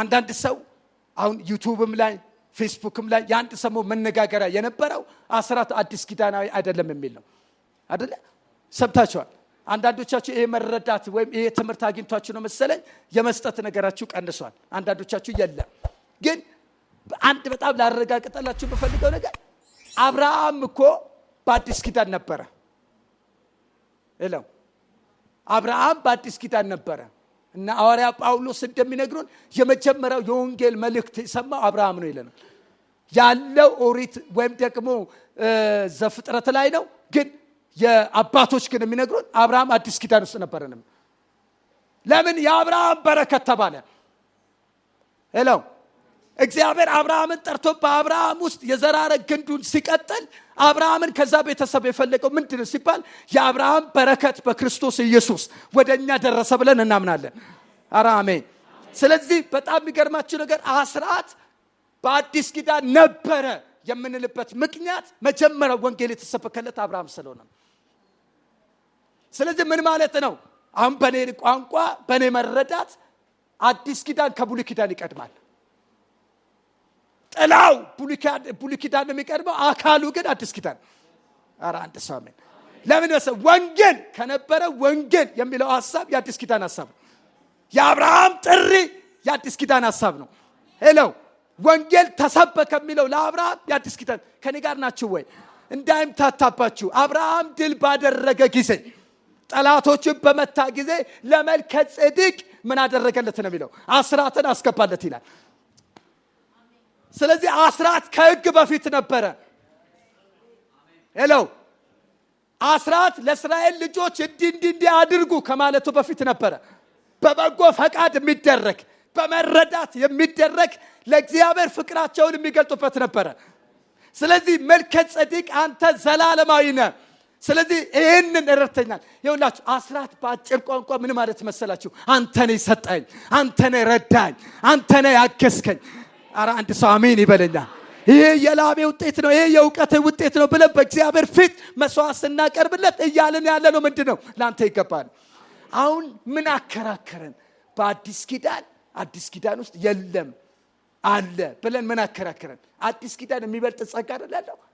አንዳንድ ሰው አሁን ዩቱብም ላይ ፌስቡክም ላይ የአንድ ሰሞን መነጋገሪያ የነበረው አስራት አዲስ ኪዳናዊ አይደለም የሚል ነው አደለ ሰብታችኋል። አንዳንዶቻችሁ ይሄ መረዳት ወይም ይሄ ትምህርት አግኝቷችሁ ነው መሰለኝ የመስጠት ነገራችሁ ቀንሷል። አንዳንዶቻችሁ የለም። ግን አንድ በጣም ላረጋግጠላችሁ የምፈልገው ነገር አብርሃም እኮ በአዲስ ኪዳን ነበረ ለው አብርሃም በአዲስ ኪዳን ነበረ እና አዋርያ ጳውሎስ እንደሚነግሩን የመጀመሪያው የወንጌል መልእክት የሰማው አብርሃም ነው ይለናል። ያለው ኦሪት ወይም ደግሞ ዘፍጥረት ላይ ነው፣ ግን የአባቶች ግን የሚነግሩን አብርሃም አዲስ ኪዳን ውስጥ ነበረንም ለምን የአብርሃም በረከት ተባለ? ለው እግዚአብሔር አብርሃምን ጠርቶ በአብርሃም ውስጥ የዘራረ ግንዱን ሲቀጥል አብርሃምን ከዛ ቤተሰብ የፈለገው ምንድን ሲባል የአብርሃም በረከት በክርስቶስ ኢየሱስ ወደ እኛ ደረሰ ብለን እናምናለን። አራሜ ስለዚህ በጣም የሚገርማችሁ ነገር አስራት በአዲስ ኪዳን ነበረ የምንልበት ምክንያት መጀመሪያ ወንጌል የተሰበከለት አብርሃም ስለሆነ ስለዚህ ምን ማለት ነው? አሁን በእኔ ቋንቋ በእኔ መረዳት አዲስ ኪዳን ከቡሉ ኪዳን ይቀድማል። ጥላው ብሉይ ኪዳን ነው የሚቀድመው፣ አካሉ ግን አዲስ ኪዳን። ኧረ አንድ ሰው አሜን። ለምን መሰ ወንጌል ከነበረ ወንጌል የሚለው ሀሳብ የአዲስ ኪዳን ሀሳብ ነው። የአብርሃም ጥሪ የአዲስ ኪዳን ሀሳብ ነው። ሄሎ ወንጌል ተሰበ ከሚለው ለአብርሃም የአዲስ ኪዳን። ከኔ ጋር ናችሁ ወይ? እንዳይምታታባችሁ አብርሃም ድል ባደረገ ጊዜ ጠላቶችን በመታ ጊዜ ለመልከ ጽድቅ ምን አደረገለት ነው የሚለው አስራትን አስገባለት ይላል። ስለዚህ አስራት ከህግ በፊት ነበረ። ለው አስራት ለእስራኤል ልጆች እንዲ እንዲ እንዲ አድርጉ ከማለቱ በፊት ነበረ። በበጎ ፈቃድ የሚደረግ በመረዳት የሚደረግ ለእግዚአብሔር ፍቅራቸውን የሚገልጡበት ነበረ። ስለዚህ መልከ ጸዲቅ አንተ ዘላለማዊ ነ ስለዚህ ይህንን እረተኛል ይኸውላችሁ አስራት በአጭር ቋንቋ ምን ማለት መሰላችሁ? አንተነ ነህ አንተነ ረዳኝ፣ አንተነ ያገስከኝ አረ አንድ ሰው አሜን ይበለኛል። ይሄ የላቤ ውጤት ነው፣ ይሄ የእውቀት ውጤት ነው ብለን በእግዚአብሔር ፊት መስዋዕት ስናቀርብለት እያለን ያለ ነው ምንድን ነው ለአንተ ይገባል። አሁን ምን አከራከረን? በአዲስ ኪዳን አዲስ ኪዳን ውስጥ የለም አለ ብለን ምን አከራከረን? አዲስ ኪዳን የሚበልጥ ጸጋ አይደል ያለው?